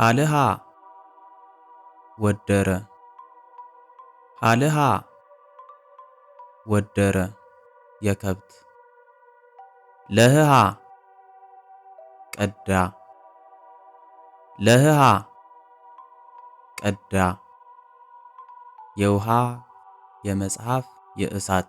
ሀልሃ ወደረ ሀልሃ ወደረ የከብት ለህሃ ቀዳ ለህሃ ቀዳ የውሃ የመጽሐፍ የእሳት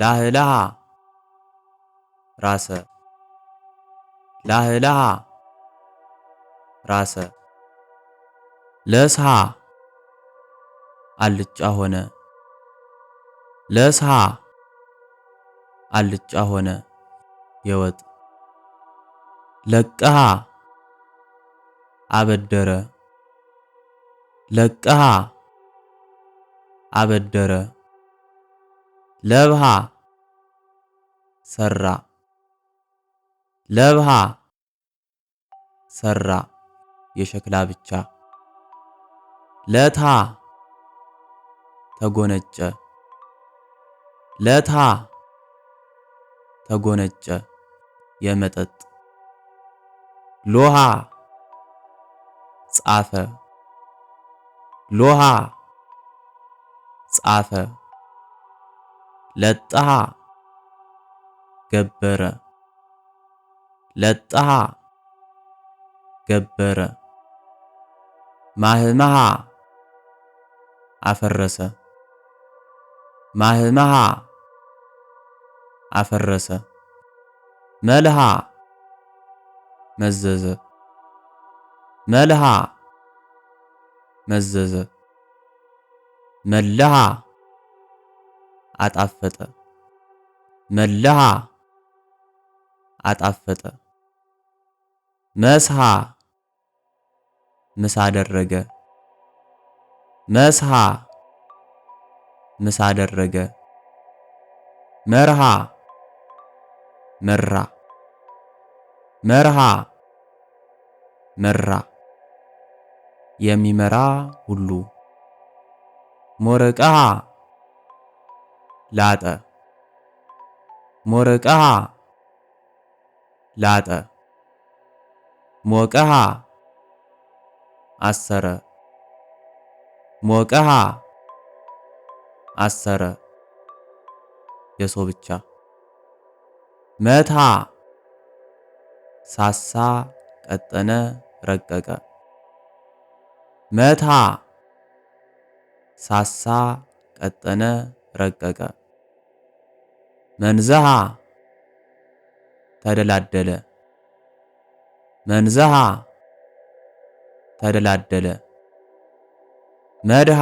ላህላሃ ራሰ ላህላሃ ራሰ ለስሃ አልጫ ሆነ ለስሃ አልጫ ሆነ የወጥ ለቀሃ አበደረ ለቀሃ አበደረ ለብሃ ሰራ ለብሃ ሰራ የሸክላ ብቻ። ለታ ተጎነጨ ለታ ተጎነጨ የመጠጥ ሎሃ ጻፈ ሎሃ ጻፈ ለጠሃ ገበረ ለጠሃ ገበረ ماهمها أفرس ماهمها أفرس مالها مززة مالها مزز ملها أتعفت ملها أتعفت مسها ምሳ አደረገ። መስሃ ምሳ አደረገ። መርሃ መራ መርሃ መራ የሚመራ ሁሉ ሞረቀሃ ላጠ ሞረቀሃ ላጠ ሞቀሃ አሰረ ሞቀሃ አሰረ የሰው ብቻ መታ ሳሳ ቀጠነ ረቀቀ መታ ሳሳ ቀጠነ ረቀቀ መንዘሃ ተደላደለ መንዘሃ ተደላደለ። መድሃ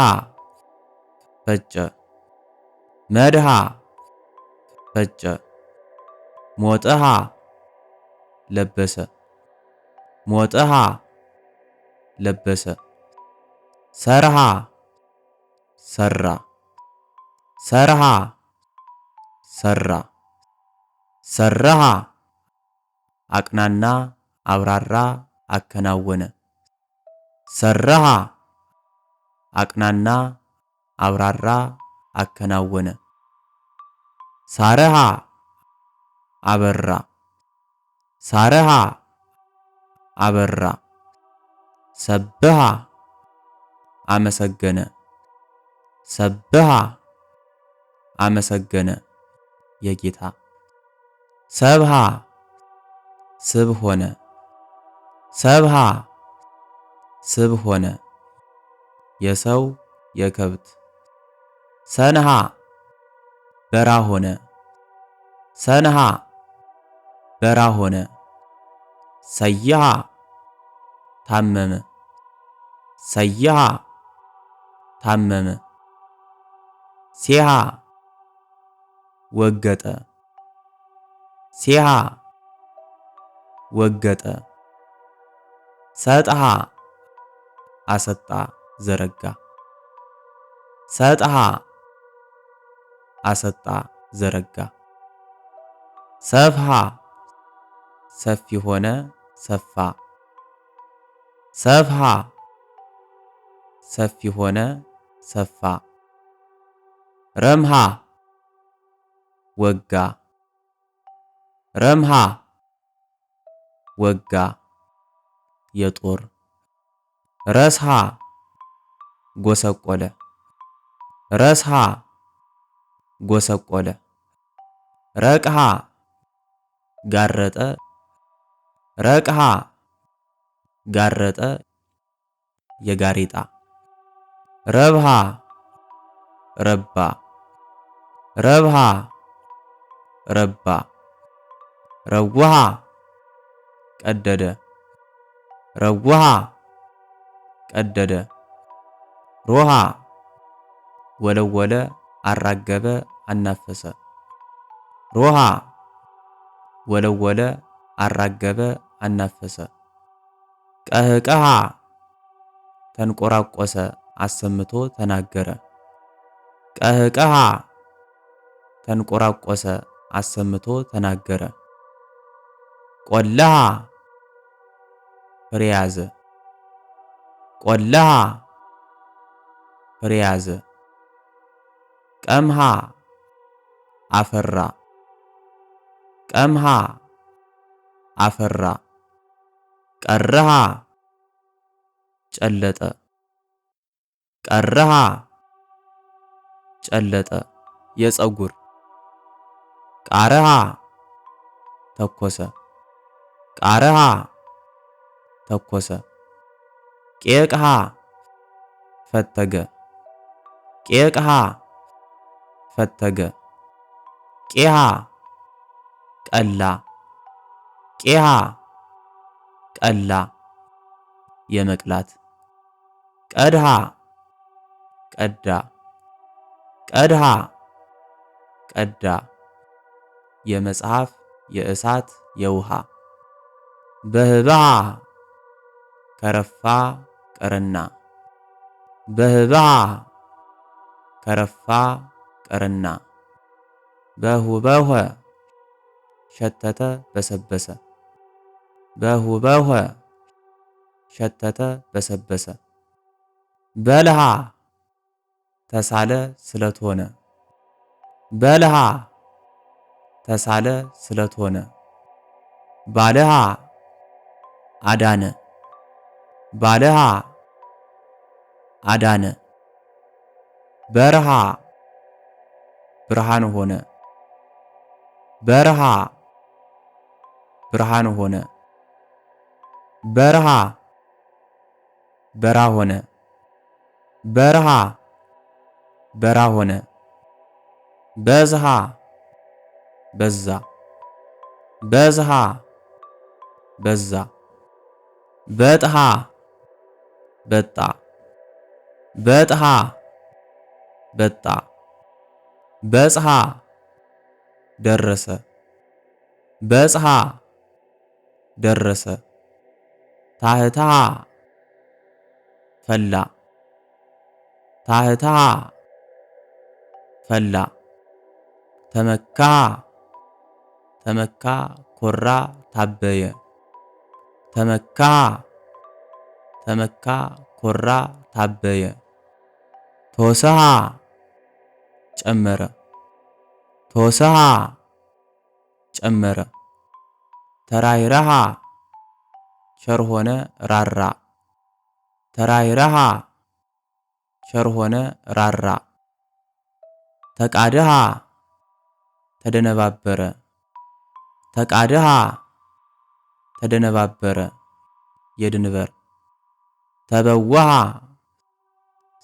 ፈጨ መድሃ ፈጨ ሞጠሃ ለበሰ ሞጠሃ ለበሰ ሰርሃ ሰራ ሰርሃ ሰራ ሰራሃ አቅናና አብራራ አከናወነ ሰራሃ አቅናና አብራራ አከናወነ ሳረሃ አበራ ሳረሃ አበራ ሰብሃ አመሰገነ ሰብሃ አመሰገነ የጌታ ሰብሃ ስብ ሆነ ሰብሃ ስብ ሆነ። የሰው የከብት ሰንሃ በራ ሆነ። ሰንሃ በራ ሆነ። ሰይሃ ታመመ። ሰይሃ ታመመ። ሴሃ ወገጠ። ሴሃ ወገጠ። ሰጥሃ አሰጣ ዘረጋ ሰጥሃ አሰጣ ዘረጋ ሰፍሃ ሰፊ ሆነ ሰፋ ሰፍሃ ሰፊ ሆነ ሰፋ ረምሃ ወጋ ረምሃ ወጋ የጦር ረስሃ ጎሰቆለ ረስሃ ጎሰቆለ ረቅሃ ጋረጠ ረቅሃ ጋረጠ የጋሪጣ ረብሃ ረባ ረብሃ ረባ ረዋሃ ቀደደ ረዋሃ ቀደደ፣ ሮሃ ወለወለ፣ አራገበ፣ አናፈሰ። ሮሃ ወለወለ፣ አራገበ፣ አናፈሰ። ቀህቀሃ ተንቆራቆሰ፣ አሰምቶ ተናገረ። ቀህቀሃ ተንቆራቆሰ፣ አሰምቶ ተናገረ። ቆለሃ ፍሬ ያዘ። قلها فرياز كمها عفرة كمها عفرة كرها جلتة كرها جلتة يسأقر كارها تقوسة كارها تقوسة ቄቅሃ ፈተገ ቄቅሃ ፈተገ ቄሃ ቀላ ቄሃ ቀላ የመቅላት ቀድሃ ቀዳ ቀድሃ ቀዳ የመጽሐፍ የእሳት የውሃ በህባ ከረፋ ቀረና በህባ ከረፋ ቀረና በሁበኸ ሸተተ በሰበሰ በሁበኸ ሸተተ በሰበሰ በልሃ ተሳለ ስለት ሆነ በልሃ ተሳለ ስለት ሆነ ባልሃ አዳነ ባልሃ አዳነ። በረሃ ብርሃን ሆነ። በረሃ ብርሃን ሆነ። በረሃ በራ ሆነ። በረሃ በራ ሆነ። በዝሃ በዛ። በዝሃ በዛ። በጥሃ በጣ በጥሃ በጣ በጽሃ ደረሰ በጽሃ ደረሰ ታህታ ፈላ ታህታ ፈላ ተመካ ተመካ ኮራ ታበየ ተመካ ተመካ ኮራ ታበየ ቶሰሃ ጨመረ ቶሰሃ ጨመረ ተራይረሃ ቸር ሆነ ራራ ተራይረሃ ቸር ሆነ ራራ ተቃድሃ ተደነባበረ ተቃድሃ ተደነባበረ የድንበር ተበዋሃ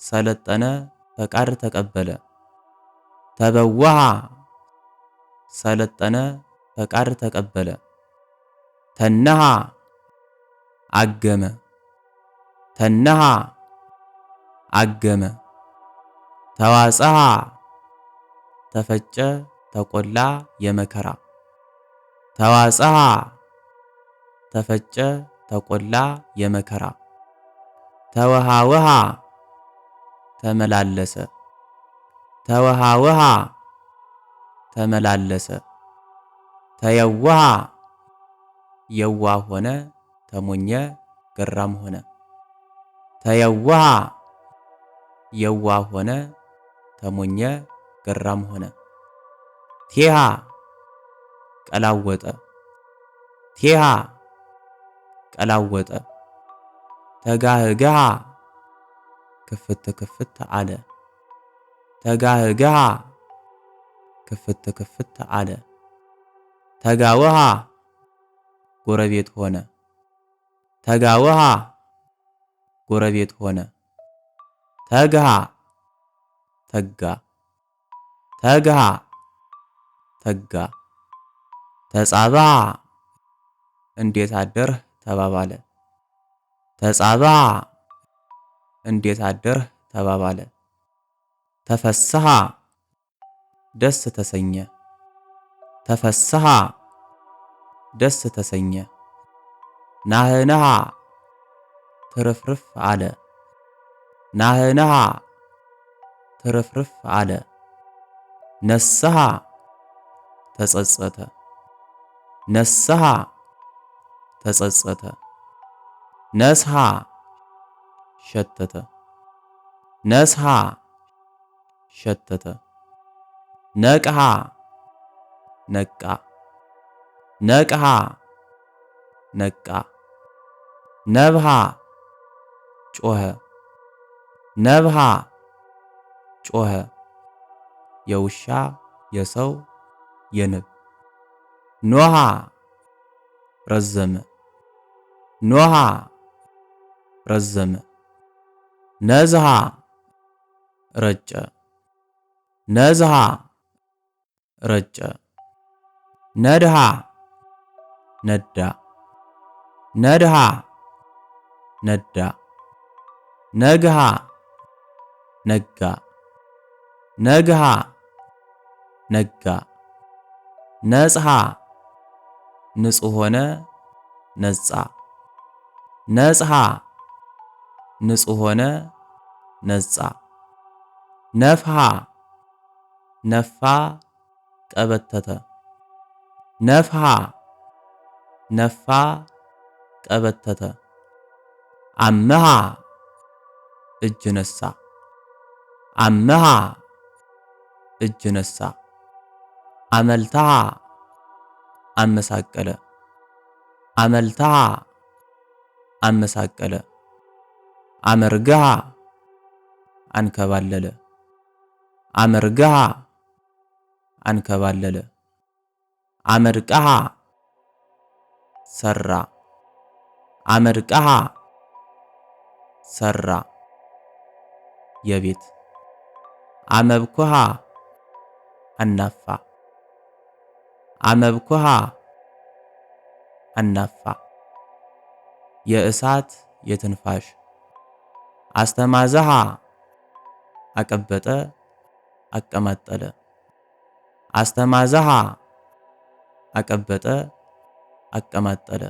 ሰለጠነ ፈቃድ ተቀበለ። ተበወሃ ሰለጠነ ፈቃድ ተቀበለ። ተነሃ አገመ። ተነሃ አገመ። ተዋጸሃ ተፈጨ ተቆላ የመከራ ተዋጸሃ ተፈጨ ተቆላ የመከራ ተወሃወሃ ተመላለሰ ተወሃውሃ ተመላለሰ ተየውሃ የዋ ሆነ ተሞኘ ገራም ሆነ ተየውሃ የዋ ሆነ ተሞኘ ገራም ሆነ ቴሃ ቀላወጠ ቴሃ ቀላወጠ ተጋህገሃ ክፍት ክፍት አለ ተጋህግሃ ክፍት ክፍት አለ ተጋውሃ ጎረቤት ሆነ ተጋውሃ ጎረቤት ሆነ ተግሃ ተጋ ተግሃ ተጋ ተጻባ እንዴት አደርህ ተባባለ ተጻባ እንዴት አደርህ ተባባለ። ተፈስሐ ደስ ተሰኘ። ተፈስሐ ደስ ተሰኘ። ናህነሃ ትርፍርፍ አለ። ናህነሃ ትርፍርፍ አለ። ነስሐ ተጸጸተ። ነስሐ ተጸጸተ። ነስሐ ሸተተ ነስሃ ሸተተ ነቅሃ ነቃ ነቅሃ ነቃ ነብሃ ጮኸ ነብሃ ጮኸ የውሻ የሰው የንብ ኖሃ ረዘመ ኖሃ ረዘመ ነዝሃ ረጨ ነዝሃ ረጨ ነድሃ ነዳ ነድሃ ነዳ ነግሃ ነጋ ነግሃ ነጋ ነጽሃ ንጹሕ ሆነ ነጻ ነጽሃ ንጹሕ ሆነ ነጻ ነፍሃ ነፋ ቀበተተ ነፍሃ ነፋ ቀበተተ አመሃ እጅ ነሳ አመሃ እጅ ነሳ አመልተሃ አመሳቀለ አመልታ አመሳቀለ አመርገሃ አንከባለለ አመርግሃ አንከባለለ አመርቅሃ ሰራ አመርቅሃ ሰራ የቤት አመብኩሃ አናፋ አመብኩሃ አናፋ የእሳት የትንፋሽ አስተማዘሃ አቀበጠ፣ አቀማጠለ። አስተማዘሃ አቀበጠ፣ አቀማጠለ።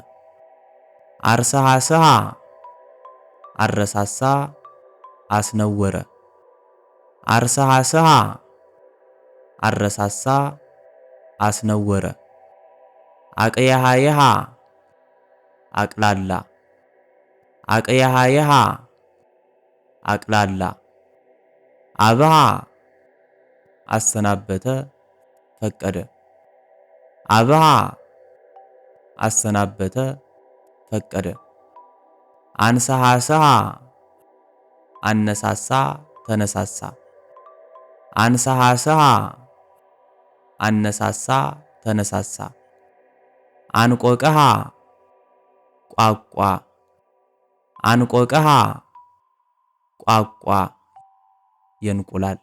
አርሰሃስሃ አረሳሳ፣ አስነወረ። አርሰሃስሃ አረሳሳ፣ አስነወረ። አቅያሃየሃ አቅላላ አቅያሃየሃ አቅላላ አብሃ አሰናበተ ፈቀደ አብሃ አሰናበተ ፈቀደ አንሳሃስሃ አነሳሳ ተነሳሳ አንሳሃስሃ አነሳሳ ተነሳሳ አንቆቀሃ ቋቋ አንቆቀሃ ቋቋ የእንቁላል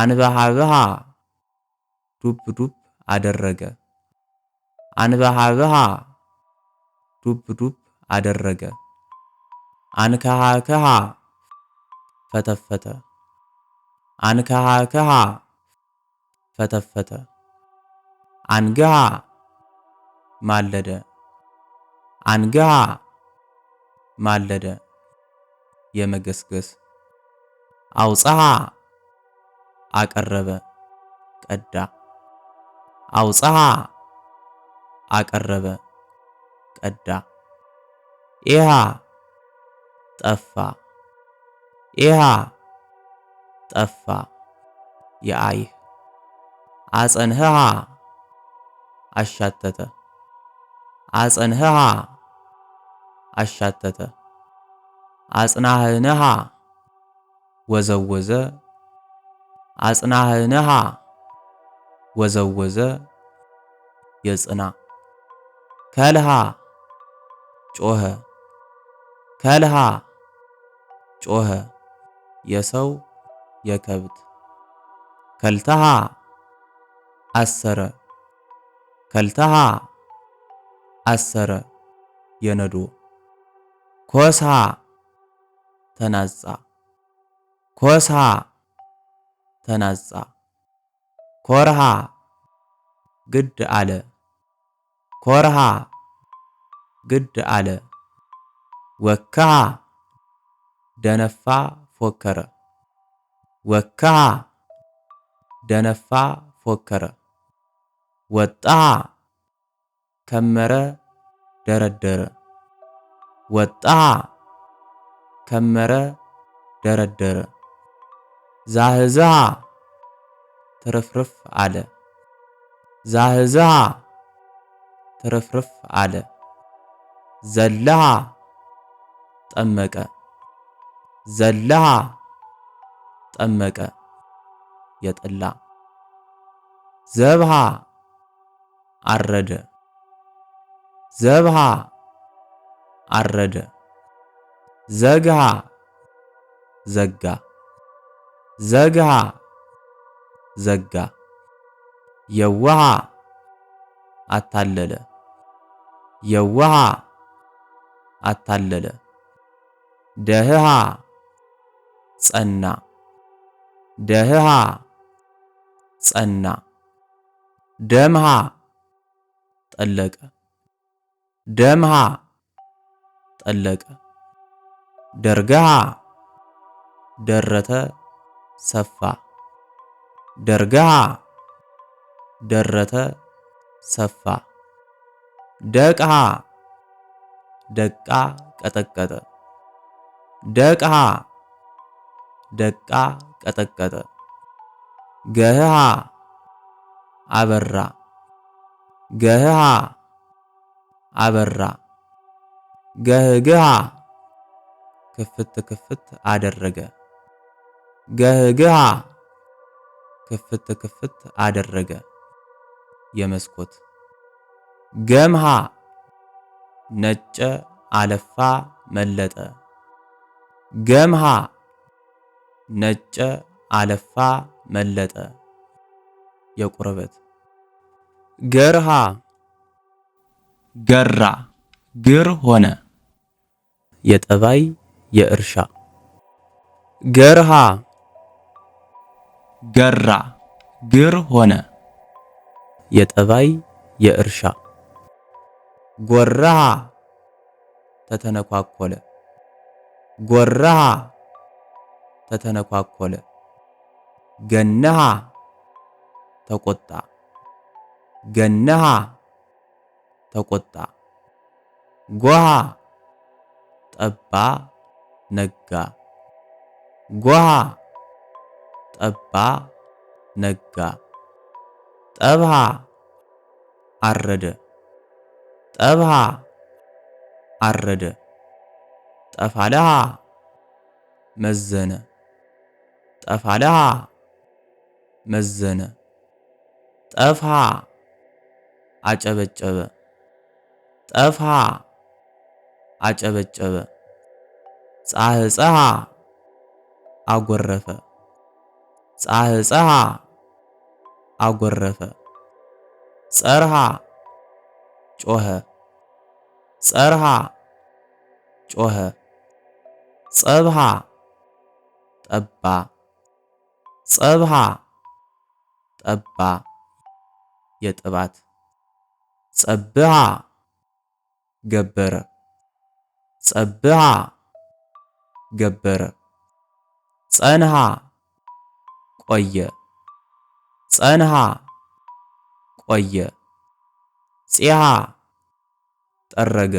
አንበሃብሃ ዱብ ዱብ አደረገ አንበሃብሃ ዱብ ዱብ አደረገ አንከሃከሃ ፈተፈተ አንከሃከሃ ፈተፈተ አንገሃ ማለደ አንገሃ ማለደ የመገስገስ አውፅሃ አቀረበ ቀዳ አውፅሃ አቀረበ ቀዳ ኢሃ ጠፋ ኢሃ ጠፋ የአይህ አጸንህሃ አሻተተ አጸንህሃ አሻተተ አጽናህንሃ ወዘወዘ አጽናህንሃ ወዘወዘ የጽና ከልሃ ጮኸ ከልሃ ጮኸ የሰው የከብት ከልተሃ አሰረ ከልተሃ አሰረ የነዶ ኮስሃ ተናጻ ኮሳ ተናጻ ኮርሃ ግድ አለ ኮርሃ ግድ አለ ወካ ደነፋ ፎከረ ወካ ደነፋ ፎከረ ወጣ ከመረ ደረደረ ወጣ ከመረ ደረደረ ዛህዛ ትርፍርፍ አለ። ዛህዛ ትርፍርፍ አለ። ዘለሃ ጠመቀ። ዘለሃ ጠመቀ የጠላ ዘብሃ አረደ። ዘብሃ አረደ። ዘግሃ ዘጋ ዘግሃ ዘጋ የዋሃ አታለለ የዋሃ አታለለ ደህሃ ጸና ደህሃ ጸና ደምሃ ጠለቀ ደምሃ ጠለቀ ደርገሃ ደረተ ሰፋ ደርገሃ ደረተ ሰፋ ደቅሃ ደቃ ቀጠቀጠ ደቅሃ ደቃ ቀጠቀጠ ገህሃ አበራ ገህሃ አበራ ገህግሃ ክፍት ክፍት አደረገ ገግሃ ክፍት ክፍት አደረገ የመስኮት ገምሃ ነጨ አለፋ መለጠ ገምሃ ነጨ አለፋ መለጠ የቁርበት ገርሃ ገራ ግር ሆነ የጠባይ የእርሻ ገርሃ ገራ ግር ሆነ። የጠባይ የእርሻ ጎራ ተተነኳኮለ ጎራ ተተነኳኮለ ገነሃ ተቆጣ ገነሃ ተቆጣ ጎሃ ጠባ ነጋ ጎሃ ጠባ ነጋ ጠብሃ አረደ ጠብሃ አረደ ጠፋለሃ መዘነ ጠፋለሃ መዘነ ጠፍሃ አጨበጨበ ጠፍሃ አጨበጨበ ጻህጸሃ አጎረፈ ጻሕጽሐ አጎረፈ ጸርሃ ጮኸ ጸርሃ ጮኸ ጸብሃ ጠባ ጸብሃ ጠባ የጥባት ጸብሃ ገበረ ጸብሃ ገበረ ጸንሃ ቆየ ጸንሃ ቆየ ጺሃ ጠረገ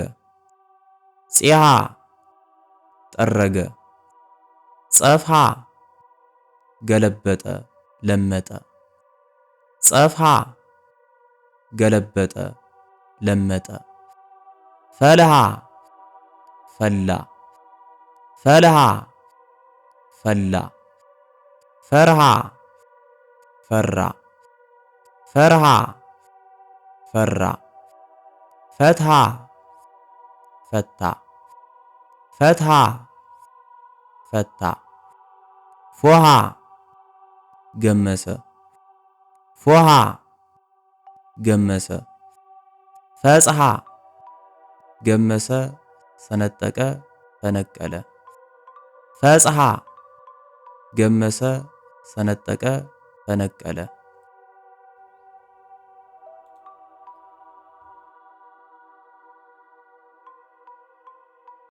ጺሃ ጠረገ ጸፍሃ ገለበጠ ለመጠ ጸፍሃ ገለበጠ ለመጠ ፈልሃ ፈላ ፈልሃ ፈላ ፈርሃ ፈራ ፈርሃ ፈራ ፈትሃ ፈታ ፈትሃ ፈታ ፎሃ ገመሰ ፎሃ ገመሰ ፈጽሃ ገመሰ ሰነጠቀ ፈነቀለ ፈጽሃ ገመሰ ሰነጠቀ፣ ፈነቀለ።